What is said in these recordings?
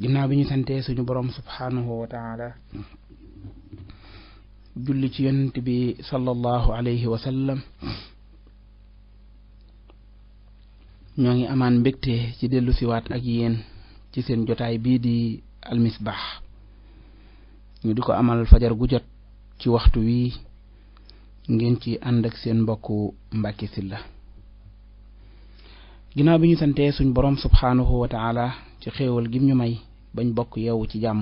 ginnaaw bi ñu santee suñu boroom subhaanahu wa taala julli ci yonent bi sallallahu alayhi wa sallam ñoo ngi amaan mbégte ci dellu siwaat ak yéen ci seen jotaay bii di almisbaax ñu di ko amal fajar gu jot ci waxtu wi ngeen ci ànd ak seen mbokku Mbàkke Sylla ginnaaw bi ñu santee suñ borom subhaanahu wa ci xéewal gim ñu may bañ bokk yeewu ci jàmm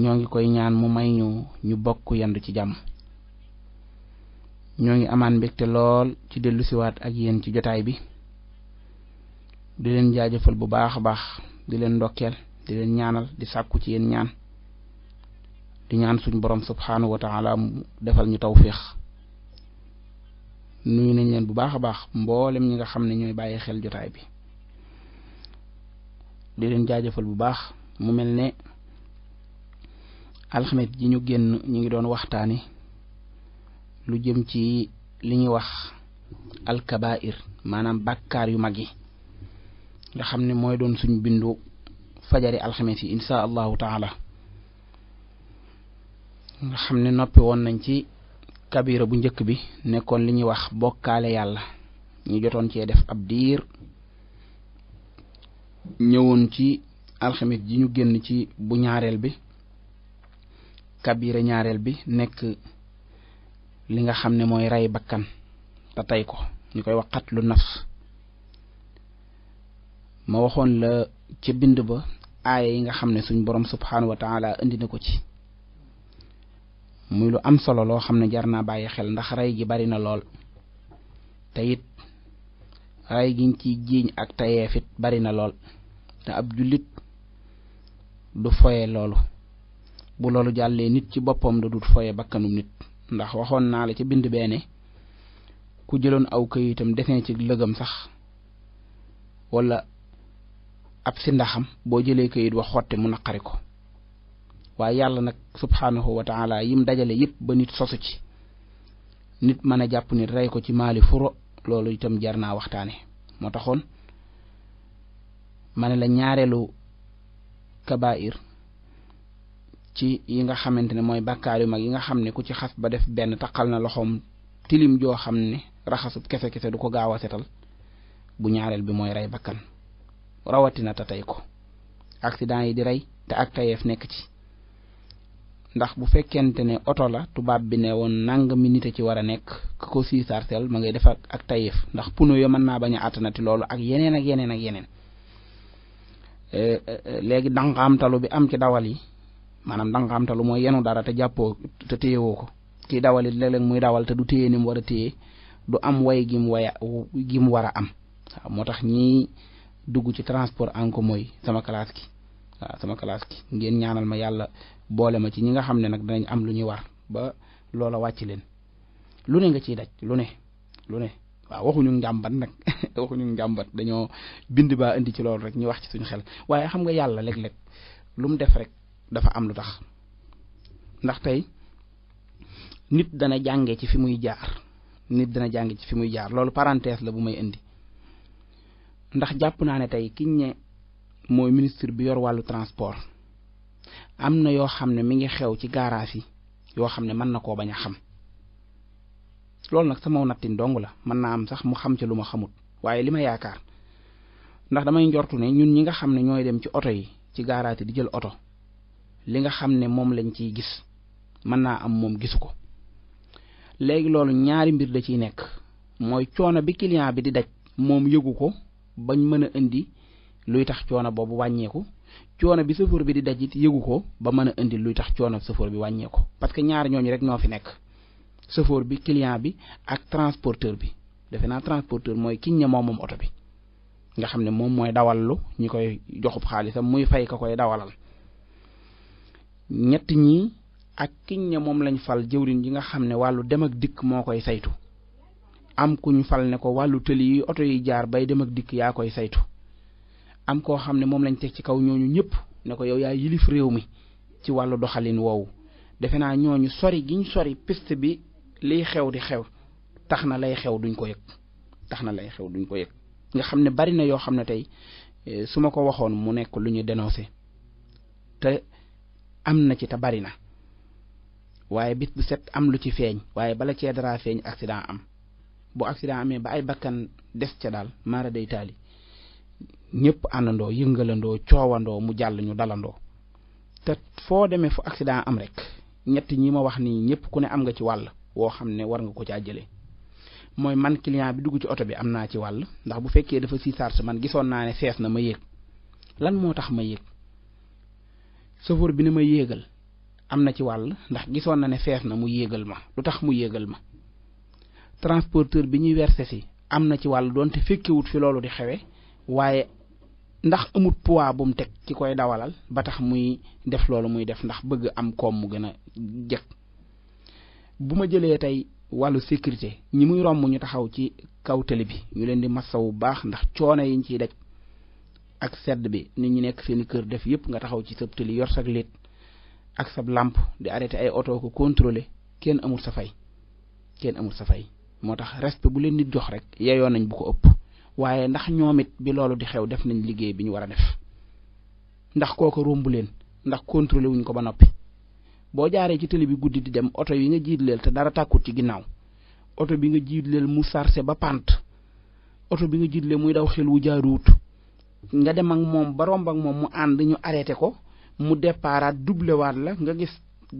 ñoo ngi koy ñaan mu may ñu ñu bokk yendu ci jàmm ñoo ngi amaan mbégte lool ci dellusiwaat ak yéen ci jotaay bi di leen jaajëfal bu baax a baax di leen ndokkeel di leen ñaanal di sàkku ci yenn ñaan di ñaan suñ borom subhaanahu wa taala mu defal ñu tawfiix nuyu nañ leen bu baax a baax mboolem ñi nga xam ne ñooy bàyyi xel jotaay bi di leen jaajëfal bu baax mu mel ne alxamet ji ñu génn ñu ngi doon waxtaane lu jëm ci li ñuy wax alkabair maanaam bàkkaar yu mag yi nga xam ne mooy doon suñ bindu fajari alxamet yi insha allahu taala nga xam ne noppi woon nañ ci kabira bu njëkk bi nekkoon li ñuy wax bokkaale yàlla ñu jotoon cee def ab diir ñëwoon ci alxamis ji ñu génn ci bu ñaareel bi kabira ñaareel bi nekk li nga xam ne mooy rey bakkan te tey ko ñu koy wax xatlu nafs ma waxoon la ci bind ba aaye yi nga xam ne suñ boroom subhaanahu wa taala indi na ko ci muy lu am solo loo xam ne jar naa bàyyi xel ndax rey gi bari na lool te it rey giñ ci jiiñ ak tayeef it bari na lool te ab jullit du foye loolu bu loolu jàllee nit ci boppam da dut foye bakkanum nit ndax waxoon naa la ca bind beene ku jëloon aw kayitam defee ci lëgam sax wala ab si ndaxam boo jëlee kayit wax xotte mu naqari ko waaye yàlla nag subhaanahu wa taala yim dajale yëpp ba nit sosu ci nit mën a jàpp nit rey ko ci maali furo loolu itam jar naa waxtaane moo taxoon mane la ñaareelu kabair ci yi nga xamante ne mooy bàkkaar yu mag yi nga xam ne ku ci xas ba def benn taqal na loxoom tilim joo xam ne raxasub kese-kese du ko gaaw a setal bu ñaareel bi mooy rey bàkkan rawatina te tey ko accident yi di rey te ak tayeef nekk ci ndax bu fekkente ne oto la tubaab bi ne woon nangami nit a ci war a nekk ku ko siisarsel ma ngay defar ak tayeef ndax puno yo mën naa bañ a àttanati loolu ak yeneen ak yeneen ak yeneen Eh, eh, eh, léegi danqaamtalu bi am ci dawal yi maanaam danqaamtalu mooy yenu dara te jàppoo te téyewoo ko kii dawal it léeg-léeg muy dawal te du téye ni mu war a téye du am way gim waya gim war a am waaw moo tax ñii dugg ci transport en commun yi sama kalaas ki waaw sama kalaas ki ngeen ñaanal ma yàlla boole ma ci ñi nga xam ne nag danañ am lu ñuy war ba loola wàcc leen lu ne nga ciy daj lu ne lu ne waaw waxuñu njàmbat nag waxuñu njàmbat dañoo bind baa indi ci loolu rek ñu wax ci suñu xel waaye xam nga yàlla léeg-léeg lu mu def rek dafa am lu tax ndax tey nit dana jànge ci fi muy jaar nit dana jànge ci fi muy jaar loolu parenthèse la bu may indi ndax jàpp naa ne tey kiñ ne mooy ministre bi yor wàllu transport am na yoo xam ne mi ngi xew ci garage yi yoo xam ne mën na koo bañ a xam loolu nag sama nattin dong la mën naa am sax mu xam ca lu ma xamut waaye li ma yaakaar ndax damay njortu ne ñun ñi nga xam ne ñooy dem ci oto yi ci gaaraate di jël oto li nga xam ne moom lañ ciy gis mën naa am moom gisu ko léegi loolu ñaari mbir da ciy nekk mooy coono bi client bi di daj moom yëgu ko bañ mën a indi luy tax coono boobu wàññeeku coono bi chauffeur bi di daj it yëgu ko ba mën a indi luy tax coono chauffeur bi wàññeeku parce que ñaar ñooñu rek ñoo fi nekk chauffeur bi client bi ak transporteur bi defe naa transporteur mooy kiñ ne moom moom oto bi nga xam ne moom mooy dawallu ñi koy joxub xaalisam muy fay ka koy dawalal ñett ñi ak kiñ ne moom lañ fal jëwrin yi nga xam ne wàllu dem ak dikk moo koy saytu am kuñ fal ne ko wàllu tëli yi oto yi jaar bay dem ak dikk yaa koy saytu am koo xam ne moom lañ teg ci kaw ñooñu ñëpp ne ko yow yaa yilif réew mi ci wàllu doxalin woowu defe naa ñooñu sori giñ sori piste lii xew di xew tax na lay xew duñ ko yëg tax na lay xew duñ ko yëg nga xam ne bari na yoo xam ne tey eh, su ma ko waxoon mu nekk lu ñu dénoncé te am na ci te bari na waaye bit bu set am lu ci feeñ waaye bala cee dara feeñ accident am bu accident amee ba ay bakkan des ca daal maara day taali ñëpp àndandoo yëngalandoo coowandoo mu jàll ñu dalandoo te foo demee fu accident am rek ñett ñi ma wax nii ñëpp ku ne am nga ci wàll woo xam ne war nga ko caa jëlee mooy man client bi dugg ci oto bi am naa ci wàll ndax bu fekkee dafa si charge man gisoon naa ne fees na ma yéeg lan moo tax ma yéeg chauffeur bi ne ma yéegal am na ci wàll ndax gisoon na ne fees na mu yéegal ma lu tax mu yéegal ma transporteur bi ñuy verser si am na ci wàll doonte fekkewut fi loolu di xewe waaye ndax amut poids bu mu teg ci koy dawalal ba tax muy def loolu muy def ndax bëgg am koom mu gën a jëkk bu ma jëlee tey wàllu sécurité ñi muy romb ñu taxaw ci kaw tali bi ñu leen di masawu baax ndax coono yiñ ciy daj ak sedd bi nit ñu nekk seen kër def yëpp nga taxaw ci sab tali yor sag léet ak sab làmp di arrêté ay oto ko contrôlé kenn amul sa fay kenn amul sa fay moo tax respe bu leen nit jox rek yeyoon nañ bu ko ëpp waaye ndax ñoom it bi loolu di xew def nañ liggéey bi ñu war a def ndax kooko rombu leen ndax contrôlé wuñ ko ba noppi boo jaaree ci télé bi guddi di dem oto yi nga jiitleel te dara tàkkut ci ginnaaw oto bi nga jiitleel mu sarse ba pant oto bi nga jiitleel muy daw xel wu jaaruwut nga dem ak moom ba romb ak moom mu ànd ñu arrêté ko mu départaat doublé waat la nga gis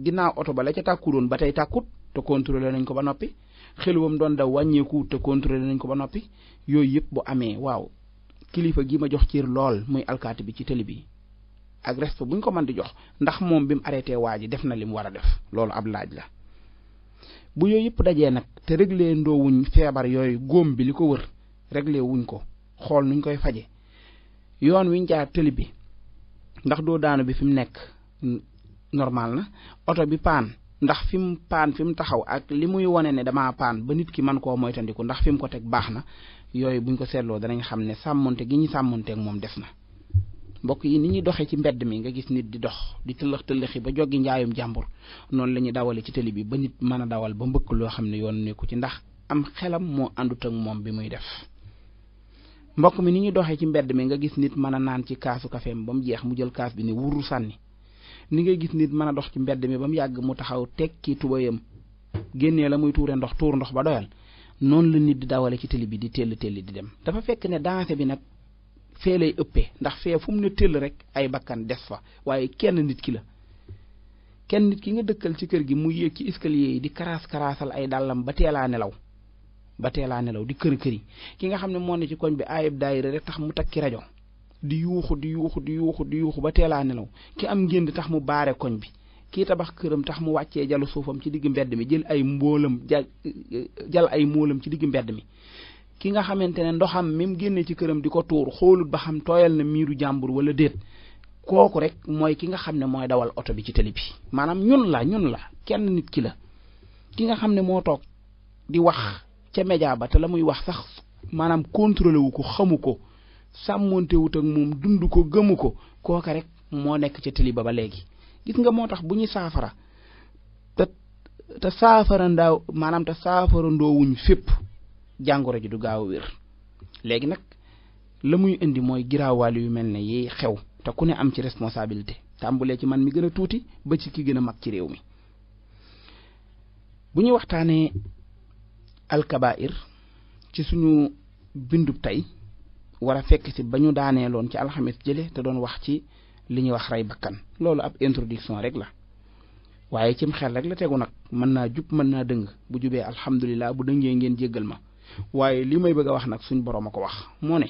ginnaaw oto ba la ca tàkkuroon ba tey tàkkut te contrôlé nañ ko ba noppi xel wam doon daw wàññeeku te contrôlé nañ ko ba noppi yooyu yëpp bu amee waaw kilifa gi ma jox ciir lool muy alkaati bi ci télé bi ak respect bu ñu ko mën di jox ndax moom bi mu arrêté waa ji def na li mu war a def loolu ab laaj la bu yooyu yëpp dajee nag te réglé ndoo wuñ feebar yooyu góom bi li ko wër réglé wuñ ko xool nuñ koy faje yoon wiñ jaar tëli bi ndax doo daanu bi fi mu nekk normal na oto bi paan ndax fi mu paan fi mu taxaw ak li muy wane ne damaa paan ba nit ki mën koo moytandiku ndax fi mu ko teg baax na yooyu buñ ko seetloo danañ xam ne sàmmonte gi ñu sàmmonteeg moom des na mbokk yi ni ñuy doxee ci mbedd mi nga gis nit di dox di tëllëx tëllëxi ba joggi njaayum jàmbur noonu la ñuy dawale ci tëli bi ba nit mën a dawal ba mbëkk loo xam ne yoon nekku ci ndax am xelam moo àndut moom bi muy def mbokk mi ni ñuy doxee ci mbedd mi nga gis nit mën a naan ci kaasu kafeem ba mu jeex mu jël kaas bi ne wuru sànni ni ngay gis nit mën a ci mbedd mi ba mu yàgg mu taxaw tekki tubayam génnee la muy tuure ndox tuur ndox ba doyal noonu la nit di dawale ci tëli bi di tell telli di dem dafa fekk ne danse bi nag fee lay ëppee ndax fee fu mu ne tëll rek ay bakkan des fa waaye kenn nit ki la kenn nit ki nga dëkkal ci kër gi mu yéeg ci escalier yi di karaas karaasal ay dàllam ba teelaa nelaw ba teelaa nelaw di kër kër ki nga xam ne moo ne ci koñ bi ayib daayira rek tax mu takki rajo di yuuxu di yuuxu di yuuxu di yuuxu ba teelaa nelaw ki am ngénd tax mu baare koñ bi kii tabax këram tax mu wàccee jalu suufam ci digg mbedd mi jël ay mboolam jal ay mboolam ci digg mbedd mi ki nga xamante ne ndoxam mi mu génne ci këram di ko tuur xoolut ba xam tooyal na miiru jàmbur wala déet kooku rek mooy ki nga xam ne mooy dawal oto bi ci tali bi maanaam ñun la ñun la kenn nit ki la ki nga xam ne moo toog di wax ca média ba te la muy wax sax maanaam contrôlé wu ko xamu ko sàmmonte wut ak moom dund ko gëmu ko kooka rek moo nekk ca tali ba ba léegi gis nga moo tax bu ñuy saafara te te saafara ndaaw maanaam te saafara ndoowuñ fépp jàngoro ji du gaaw a wér léegi nag la muy indi mooy giraawaal yu mel ne yiy xew te ku ne am ci responsabilité tàmbulee ci man mi gën a tuuti ba ci ki gën a mag ci réew mi bu ñu waxtaanee alkabair ci suñu bindub tey war a fekk si ba ñu daanee loon ci alxames jële te doon wax ci li ñu wax rey bakkan loolu ab introduction rek la waaye cim xel rek la tegu nag mën naa jub mën naa dëng bu jubee alhamdulilah bu dëngee ngeen jéggal ma waaye lii may bëgg wax nag suñ borom a ko wax moo ne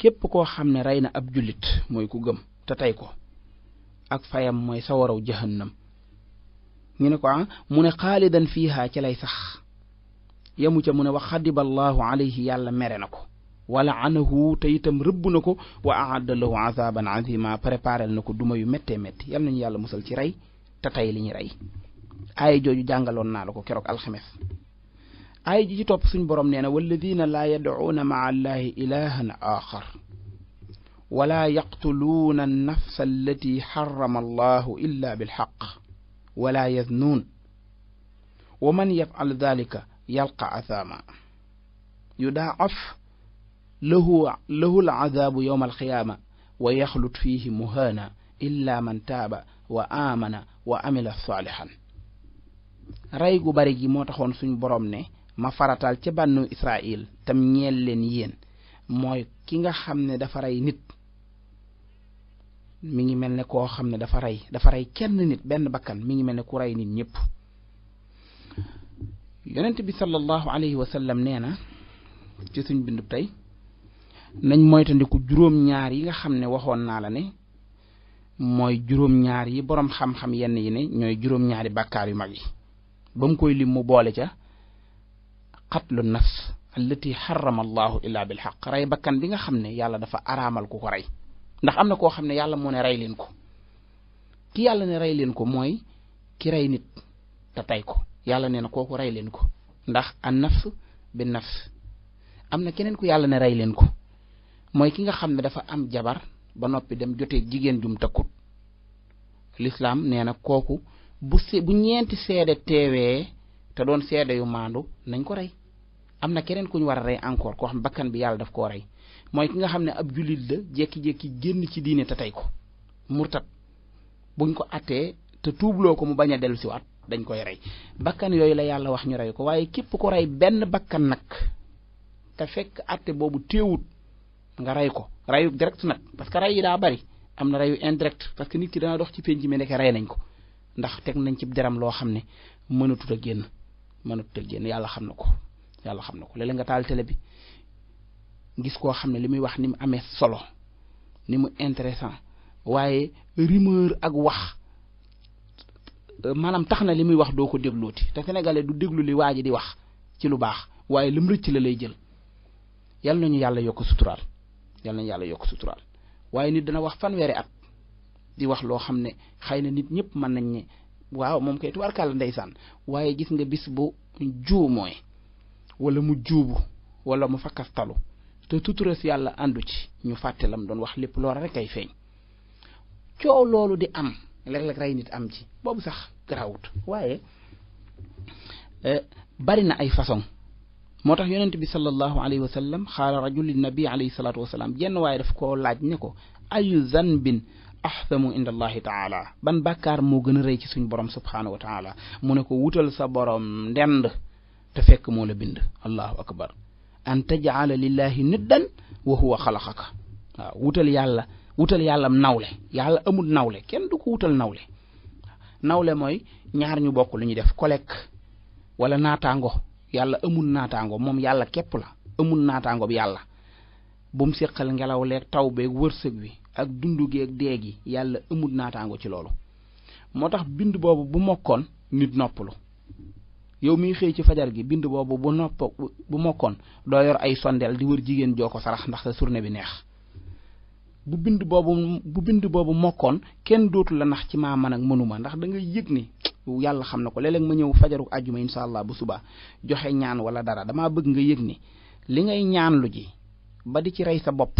képp koo xam ne rey na ab jullit mooy ku gëm te tey ko ak fayam mooy sawaraw jahannam ñu ne ko ah mu ne xaalidan fiihaa ci lay sax yamu ca mu ne wa xadiballaahu alayhi yàlla mere na ko wala anahu te itam rëbb na ko wa aadda lahu azaban azima préparel na ko duma yu mettee metti yal nañu yàlla musal ci rey te tey li ñu rey aaya jooju jàngaloon naa la ko keroog alxames ay ji ci topp suñ borom nee na walladina laa yadcuuna maca allahi ilahan axar wala yaqtuluuna annafsa allati xarama allahu illa bilxaq wala yaznuun wa man yafcal dalika yalqa asaama yudaacaf lahu lahu alcadaabu yowma alqiyaama wa yaxlut fiihi muhaana illa man taaba wa aamana wa amila saalixan rey gu bari gi moo taxoon suñ borom ne ma farataal ca bànnu Israël tam ñeen leen yéen mooy ki nga xam ne dafa rey nit mu ngi mel ne koo xam ne dafa rey dafa rey kenn nit benn bakkan mi ngi mel ne ku rey nit ñépp yonent bi sallallahu alayhi wa sallam nee na ci suñ bindub tey nañ moytandiku juróom-ñaar yi nga xam ne waxoon naa la ne mooy juróom-ñaar yi boroom xam-xam yenn yi ne ñooy juróom-ñaari bàkkaar yu mag yi ba mu koy lim mu boole ca xatlu nafs allati xarama allahu illaa bil xaq rey bakkan bi nga xam ne yàlla dafa araamal ku ko rey ndax am na koo xam ne yàlla moo ne rey leen ko ki yàlla ne rey leen ko mooy ki rey nit te tey ko yàlla nee na kooku rey leen ko ndax an nafs bi nafs am na keneen ku yàlla ne rey leen ko mooy ki nga xam ne dafa am jabar ba noppi dem jotee jigéen jum tëkkut lislaam nee nag kooku bu se bu ñeenti seede teewee te doon seede yu maandu nañ ko rey am na keneen ku ñu war a rey encore koo xam bakkan bi yàlla daf koo rey mooy ki nga xam ne ab jullit la jékki-jékki génn ci diine te tey ko murtat buñ ko attee te tuubloo ko mu bañ a dellu siwaat dañ koy rey bakkan yooyu la yàlla wax ñu rey ko waaye képp ko rey benn bakkan nag te fekk atte boobu téewut nga rey ko reyu direct nag parce que rey yi daa bari am na reyu indirect parce que nit ki dana dox ci penc mi nekk rey nañ ko ndax teg nañ ci deram loo xam ne mënatut a génn mënatut génn yàlla xam na ko yàlla xam na ko léeg nga taal télé bi gis koo xam ne li muy wax ni mu amee solo ni mu intéressant waaye rumeur ak wax maanaam tax na li muy wax doo ko déglooti te sénégalais du déglu li waa ji di wax ci lu baax waaye lim rëcc la lay jël yal nañu yàlla yokk suturaal yal nañu yàlla yokk suturaal waaye nit dana wax fanweeri at di wax loo xam ne xëy na nit ñëpp mën nañ ni waaw moom kay tubaarkàlla ndeysaan waaye gis nga bis bu juu mooy wala mu juubu wala mu fakkastalu te tuturas yàlla àndu ci ñu fàtte lam doon wax lépp loola rek ay feeñ coow loolu di am léeg-léeg rey nit am ci boobu sax garawut waaye eh, bari na ay façon moo tax yonent bi sallallahu alayhi wa sallam xaala rajulin nabi alayhi salaatu wa salaam jenn waaye daf koo laaj ne ko ayu zanbin ahsamu inda allahi ban bàkkaar moo gën a rey ci suñ borom subhaanahu wa mu ne ko wutal sa borom ndend te fekk moo la bind allahu akbar an tajala lillahi niddan wa huwa xalaqaka waaw wutal yàlla wutal yàlla nawle yàlla amul nawle kenn du ko wutal nawle nawle mooy ñaar ñu bokk lu ñuy def kolek wala naataango yàlla amul naataango moom yàlla képp la amul naataango bi yàlla bu mu seqal ngelaw leeg taw beeg wërsëg wi ak dundu geeg dee gi yàlla amul naataango ci loolu moo tax bind boobu bu mokkoon nit noppalu yow miy xëy ci fajar gi bind boobu bu nopp bu mokkoon doo yor ay sondeel di wër jigéen joo ko sarax ndax sa surne bi neex bu bind boobu bind boobu mokkoon kenn dootu la nax ci maa man ak mënuma ndax dangay nga yëg ni yàlla xam na ko léeg ma ñëw fajaru àjjuma incha allah bu suba joxe ñaan wala dara damaa bëgg nga yëg ni li ngay ñaan lu ji ba di ci rey sa bopp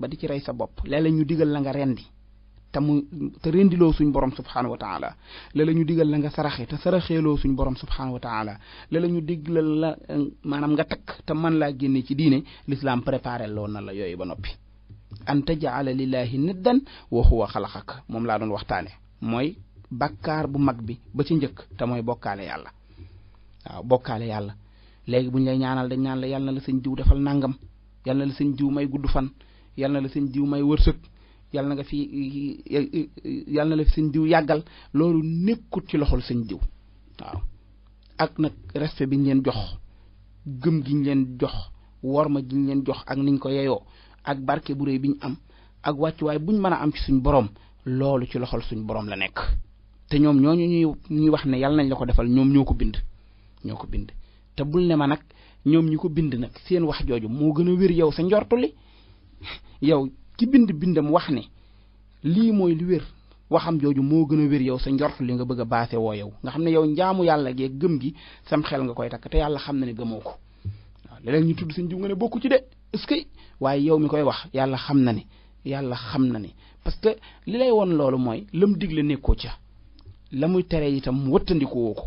ba di ci rey sa bopp léeg ñu digal la nga rendi te mu te rendiloo suñ borom subxanahu wa ta'ala la la ñu digal la nga saraxe te saraxeeloo suñ borom subxanahu wa ta'ala la la ñu digal la maanaam nga takk te man laa génne ci diine l'islam préparé loo na la yooyu ba noppi. an taj'ala lillahi niddan wa huwa xalaqak moom laa doon waxtaane mooy bakkaar bu mag bi ba ci njëkk te mooy bokkaale yàlla waaw bokkaale yàlla léegi bu ñu lay ñaanal dañ ñaan la yàlla na la sëñ jiw defal nàngam yàlla na la sëñ jiw may gudd fan yàlla na jiw may wërsëg. yàlla na nga fi yàlla na la fi sëñ diw yàggal loolu nekkut ci loxol sëñ diw waaw ak nag respect bi ñu leen jox gëm gi ñu leen jox worma gi ñu leen jox ak niñ ko yeyoo ak barke bu réy bi ñu am ak wàccuwaay buñ mën a am ci suñ borom loolu ci loxol suñ borom la nekk te ñoom ñooñu ñuy ñuy wax ne yàlla nañ la ko defal ñoom ñoo ko bind ñoo ko bind te bul ne ma nag ñoom ñi ko bind nag seen wax jooju moo gën a wér yow sa njortu li yow ki bind bindam wax ne lii mooy lu wér waxam jooju moo gën a wér yow sa njort li nga bëgg a baase woo yow nga xam ne yow njaamu yàlla gee gëm gi sam xel nga koy takk te yàlla xam na ne gëmoo ko waaw léeg ñu tudd sëñ jiw nga ne bokku ci de est-ce que waaye yow mi koy wax yàlla xam na ne yàlla xam na ne parce que li lay won loolu mooy lam digle nekkoo ca la muy tere itam wëttandikoo ko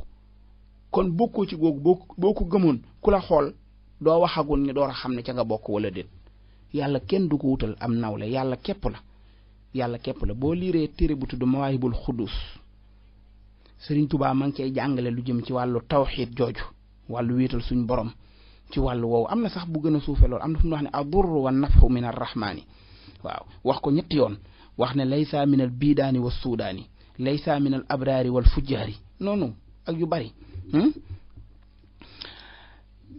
kon bokkoo ci googu boo boo ko gëmoon ku la xool doo waxagul ne door a xam ne ca nga bokk wala déet yàlla kenn du ko wutal am nawle yàlla képp la yàlla képp la boo liiree téere bu tudd mawaahibul xuddus sëriñ tubaa ma ngi cay jàngale lu jëm ci wàllu tawxiid jooju wàllu wéetal suñ borom ci wàllu woowu am na sax bu gën a suufe loolu am na fu mu wax ne adurru wa nafhu min arrahmaani waaw wax ko ñetti yoon wax ne laysa min al biidaani wa suudaani laysa min al abraari wal fujjaari noonu ak yu bari hmm?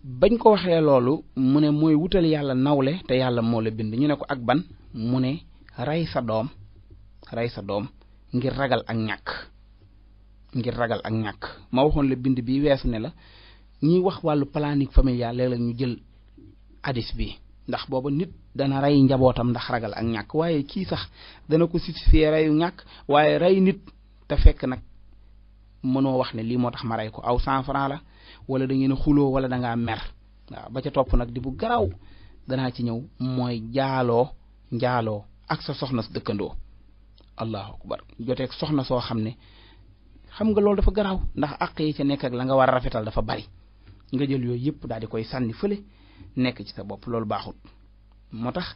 bañ ko waxee loolu mu ne mooy wutal yàlla nawle te yàlla moo la bind ñu ne ko ak ban mu ne rey sa doom rey sa doom ngir ragal ak ñàkk ngir ragal ak ñàkk ma waxoon la bind bi weesu ne la ñiy wax wàllu planning familial léeg-léeg ñu jël hadis bi ndax booba nit dana rey njabootam ndax ragal ak ñàkk waaye kii sax dana ko justifier reyu ñàkk waaye rey nit te fekk nag mënoo wax ne lii moo tax ma rey ko aw cent francs la wala da xuloo wala da ngaa mer waaw ba ca topp nag di bu garaaw danaa ci ñëw mooy jaaloo njaaloo ak sa soxna dëkkandoo allahu akbar joteeg soxna soo xam ne xam nga loolu dafa garaaw ndax àq yi ca nekk la nga war a rafetal dafa bari nga jël yooyu yëpp daal di koy sànni fële nekk ci sa bopp loolu baaxul moo tax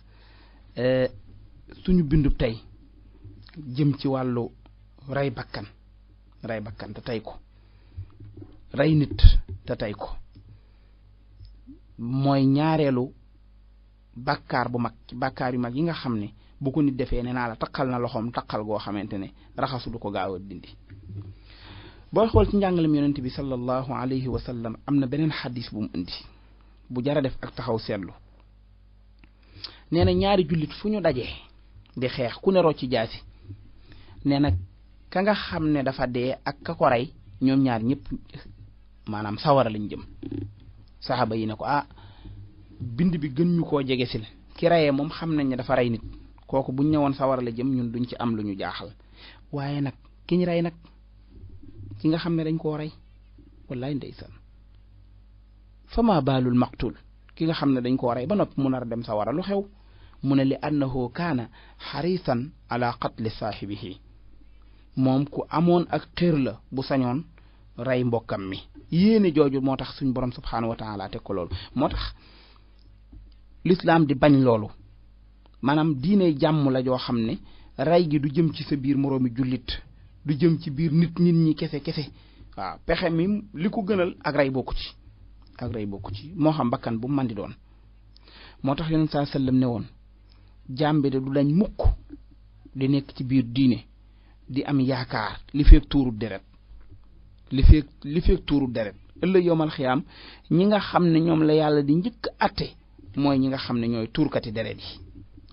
e, suñu bindu tey jëm ci wàllu rey bakkan rey bakkan te tey ko rey nit te tey ko mooy ñaareelu bàkkaar bu mag bàkkaar yu mag yi nga xam ne bu ko nit defee ne naa la taqal na loxoom taqal goo xamante ne raxasu du ko gaaw a dindi boo xool ci njàngalem yonent bi sallallahu alayhi wa am na beneen xadis bu mu indi bu jara def ak taxaw seetlu nee na ñaari jullit fu ñu dajee di xeex ku ne rocci jaasi nee na ka nga xam ne dafa dee ak ka ko rey ñoom ñaar ñëpp maanaam sawara lañ jëm saxaaba yi ne ko ah bind bi gën ñu koo jege sil ki rayee moom xam nañ ne dafa rey nit kooku buñ ñëwoon sawara la jëm ñun duñ ci am lu ñu jaaxal waaye nag ki ñu rey nag ki nga xam ne dañ koo rey wallaay ndeysaan fama baalul maqtul ki nga xam ne dañ koo rey ba noppi mu a dem sawara lu xew mu ne li na annahu kaana xarisan ala qatli saaxibihi moom ku amoon ak xër la bu sañoon rey mbokkam mi yéene jooju moo tax suñ borom subxanahu wa taala teg ko loolu moo tax lislaam di bañ loolu maanaam diine jàmm la joo xam ne rey gi du jëm ci sa biir moroomi jullit du jëm ci biir nit nit ñi kese kese waaw pexe mi li ko gënal ak rey bokku ci ak rey ci moo xam bakkan bu man di doon moo tax yonent saa sallam ne woon jaam bi de du dañ mukk di nekk ci biir diine di am yaakaar li fekk tuurub deret li feeg li feeg tuuru deret ëllëg yowmal xiyaam ñi nga xam ne ñoom la yàlla di njëkk atte mooy ñi nga xam ne ñooy tuurkati deret yi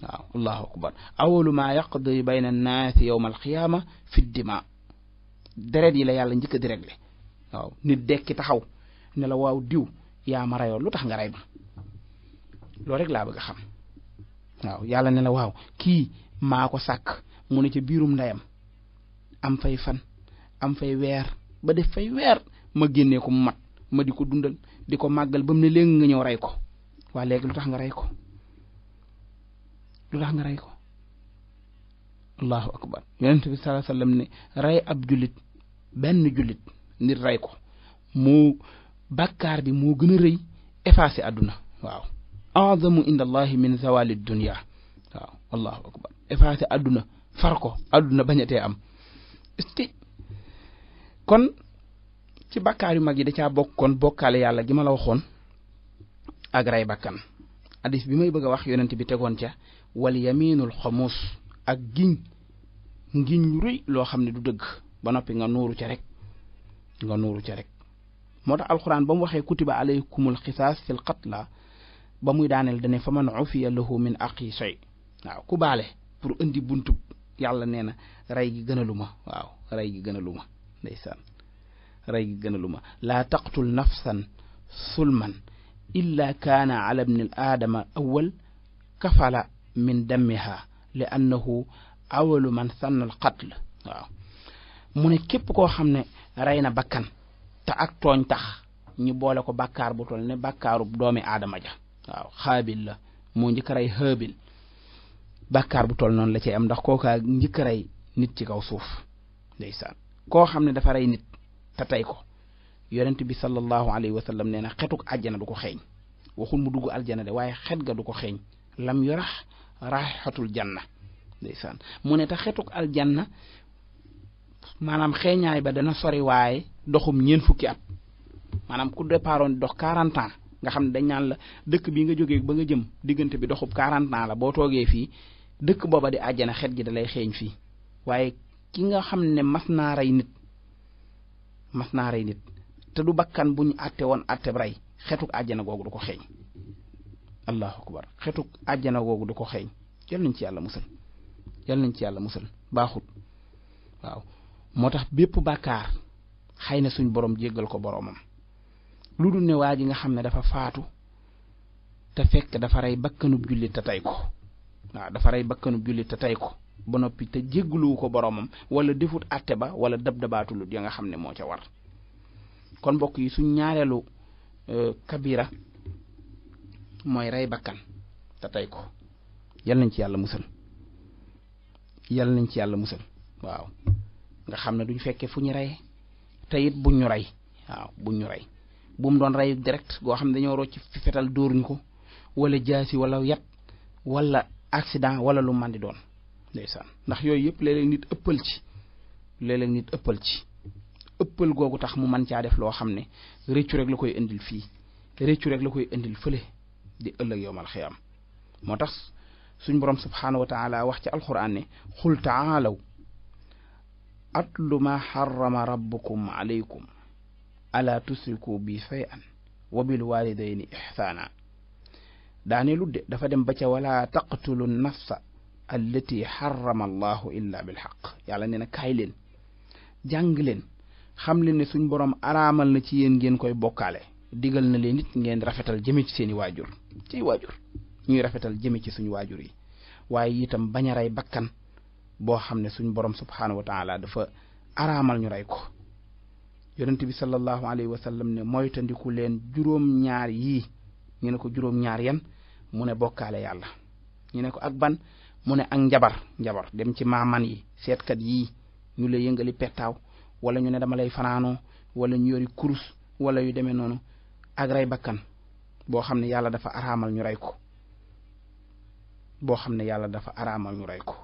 waaw allahu akbar awalu maa yaqdi bayna annaasi yowmal xiyaama fi dima deret yi la yàlla njëkk a di réglé dekki taxaw ne la waaw diw yaa ma lu tax nga rey ma rek laa bëgg a xam waaw yàlla ne la waaw kii maa ko sàkk mu ne ca biirum ndeyam am fay fan am fay weer ba def fay weer ma génnee ko mu mat ma di ko dundal di ko màggal ba mu ne léegi nga ñëw rey ko waa léegi lu tax nga rey ko lu tax nga rey ko allahu akbar yonent ne rey ab jullit benn jullit nit rey ko moo bàkkaar bi moo gën a rëy effacé àdduna waaw azamu inda allahi min zawali dunya waaw allahu akbar effacé àdduna far ko àdduna bañatee am kon ci bakkaar yu mag yi da caa bokkoon bokkaale yàlla gi ma la waxoon ak ray bakkan hadis bi may bëgg a wax yonent bi tegoon ca wal yaminul xamuus ak giñ ngiñ lu loo xam ne du dëgg ba noppi nga nuuru ca rek nga nuuru ca rek moo tax alxuraan ba mu waxee kutiba alaykumul xisaas fil la ba muy daaneel dane fa man ufiya lahu min aqi shay waaw ku baale pour indi buntu yàlla nee na rey gi gënalu ma waaw rey gi gënalu ma ndeysaan rey gi laa taqtul nafsan sulman illa kaana ala ibni aadama awal kafala min dammiha li annahu awalu man sanna al qatl waaw mu ne képp koo xam ne rey na bakkan te ak tooñ tax ñu boole ko bàkkaar bu tol ne bàkkaarub doomi adama ja waaw xaabil la moo njëkk rey xaabil bàkkaar bu tol noonu la cay am ndax kookaa njëkk a rey nit ci kaw suuf ndeysaan koo xam ne dafa rey nit te tey ko yonent bi sallallahu alayhi wa sallam nee na xetuk àjjana du ko xeeñ waxul mu dugg aljana de waaye xet ga du ko xeeñ lam yu rax raxatul janna ndeysaan mu ne te xetuk aljanna maanaam xeeñaay ba dana sori waaye doxum ñeent fukki at maanaam ku départoon dox 40 ans nga xam ne dañ naan la dëkk bi nga jógee ba nga jëm diggante bi doxub 40 la boo toogee fii dëkk booba di àjjana xet gi dalay xeeñ fii waaye ki nga xam ne mas naa rey nit mas naa rey nit te du bakkan bu ñu àtte woon àtte rey xetuk àjjana googu du ko xeeñ allahu akbar xetuk àjjana googu du ko xeeñ yal nañ ci yàlla musal yal nañ ci yàlla musal baaxut waaw moo tax bépp bàkkaar xëy na suñ boroom jéggal ko boroomam lu dul ne waa ji nga xam ne dafa faatu te fekk dafa rey bakkanub jullit te tey ko waaw dafa rey bakkanub jullit te tey ko ba noppi te jéggluwu ko boromam wala defut àtte ba wala dab dabaatulut ya nga xam ne moo ca war kon mbokk yi suñ ñaareelu euh, kabira mooy rey bakkan te tey ko yal nañ ci yàlla musal yal nañ ci yàlla musal waaw nga xam ne duñ fekkee fu ñu reyee te it buñ ñu rey waaw buñ ñu rey bu mu doon rey direct goo xam ne dañoo rocc fi fetal dóor ñu ko wala jaasi wala yat wala accident wala lu man doon ndeysaan ndax yooyu yëpp léeg-léeg nit ëppal ci léeg nit ëppal ci ëppal googu tax mu man caa def loo xam ne réccu rek la koy indil fii réccu rek la koy indil fële di ëllëg yowmal xiyaam moo tax suñ boroom subhaanahu wa wax ci alquran ne xul taalaw atlu ma xarama rabbukum alaykum tusriku bi shay'an wa bil walidayni ihsaana daane ludde dafa dem ba ca wala taqtulu nafsa allati xarama allahu illa bi xaq yàlla nee na kaay leen jàng leen xam leen ne suñ borom araamal na ci yéen ngeen koy bokkaale digal na leen nit ngeen rafetal jëme ci seeni waajur ci waajur ñuy rafetal jëme ci suñu waajur yi waaye itam bañ a bakkan boo xam ne suñ borom subhaanahu wa taala dafa araamal ñu rey ko yonent bi sallallahu alayhi wa ne moytandiku leen juróom-ñaar yii ñu ne ko juróom-ñaar yan mu ne bokkaale yàlla ñu ko ak ban mu ne ak njabar njabar dem ci maaman yi seetkat yii ñu la yëngali pettaaw wala ñu ne dama lay fanaanoo wala ñu yori kurus wala yu demee noonu ak rey bakkan boo xam ne yàlla dafa araamal ñu rey ko boo xam ne yàlla dafa araamal ñu rey ko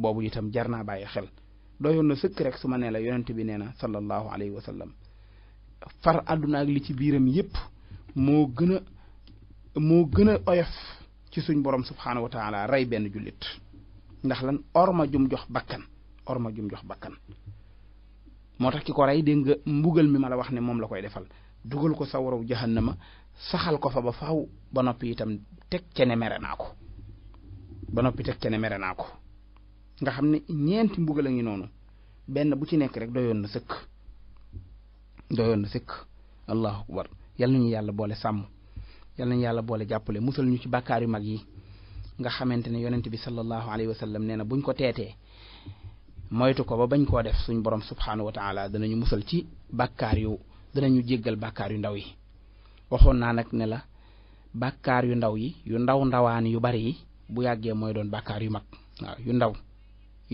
boobu itam jar naa bàyyi xel doyoon na sëkk rek su ma nee la yonent bi nee na sallallahu alayhi wa sallam far àdduna ak li ci biiram yépp moo gën a moo gën oyof ci suñ borom subxanahu wa taala rey benn jullit ndax lan orma jum jox bakkan orma jum jox bakkan moo tax ki ko rey dégg nga mbugal mi ma la wax ne moom la koy defal dugal ko sa waraw jahannama saxal ko fa ba faaw ba noppi itam teg cene mere naa ko ba noppi teg cene mere naa ko nga xam ne ñeenti mbugal a ngi noonu benn bu ci nekk rek doyoon na sëkk doyoon na sëkk allahu akbar yal nañu yàlla boole sàmm yal nañu yàlla boole jàppale musal ñu ci bàkkaar yu mag yi nga xamante ne yonent bi sallallahu alayhi wa sallam nee na buñ ko teetee moytu ko ba bañ koo def suñ borom subhaanahu wa taala danañu musal ci bàkkaar yu danañu jéggal bàkkaar yu ndaw yi waxoon naa nag ne la bàkkaar yu ndaw yi yu ndaw ndawaan yu bari yi bu yàggee mooy doon bàkkaar yu mag waaw yu ndaw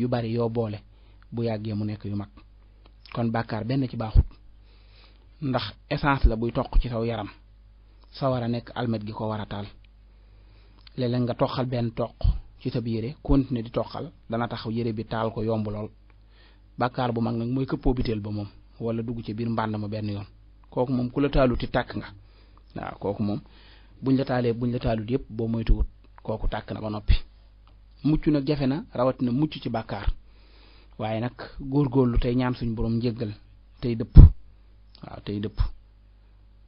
yu bari yoo boole bu yàggee mu nekk yu mag kon bàkkaar benn ci baaxut ndax essence la buy toq ci saw yaram a nekk almet gi ko war a taal léeg nga toqal benn toq ci sa yére continuer di toqal dana tax yére bi taal ko yomb lool bàkkaar bu mag nag mooy këppoo biteel ba moom wala dugg ci biir mbànd ma benn yoon kooku moom ku la taaluti tàkk nga waaw kooku moom buñ la taalee buñ la taalut yépp boo moytuwut kooku tàkk na ba noppi mucc nag jafe na rawatina mucc ci bàkkaar waaye nag góor góorgóorlu tey ñaan suñ boroom njéggal tey dëpp waaw tey dëpp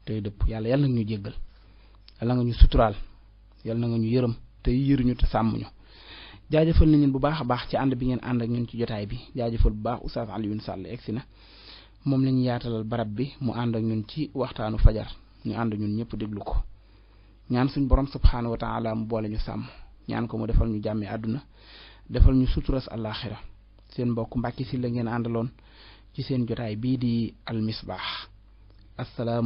tey dëpp yàlla yàlla na ñu jéggal yàlla nga ñu suturaal yàlla na nga ñu yërëm tey yëruñu te sàmm ñu jaajëfal nañ leen bu baax a baax ci ànd bi ngeen ànd ak ñun ci jotaay bi jaajëfal bu baax Oustaz Alioune Sall egsi na moom la ñu yaatalal barab bi mu ànd ak ñun ci waxtaanu fajar ñu ànd ñun ñëpp déglu ko ñaan suñ borom subxanahu wa taala mu boole ñu sàmm ñaan ko mu defal ñu jàmmi àdduna defal ñu suturas àllaaxira seen mbokk Mbàkke si la ngeen àndaloon ci seen jotaay bii di almisbaax assalaamu